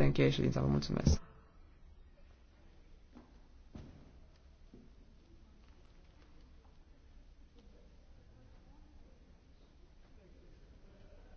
Se încheie ședința. Vă mulțumesc.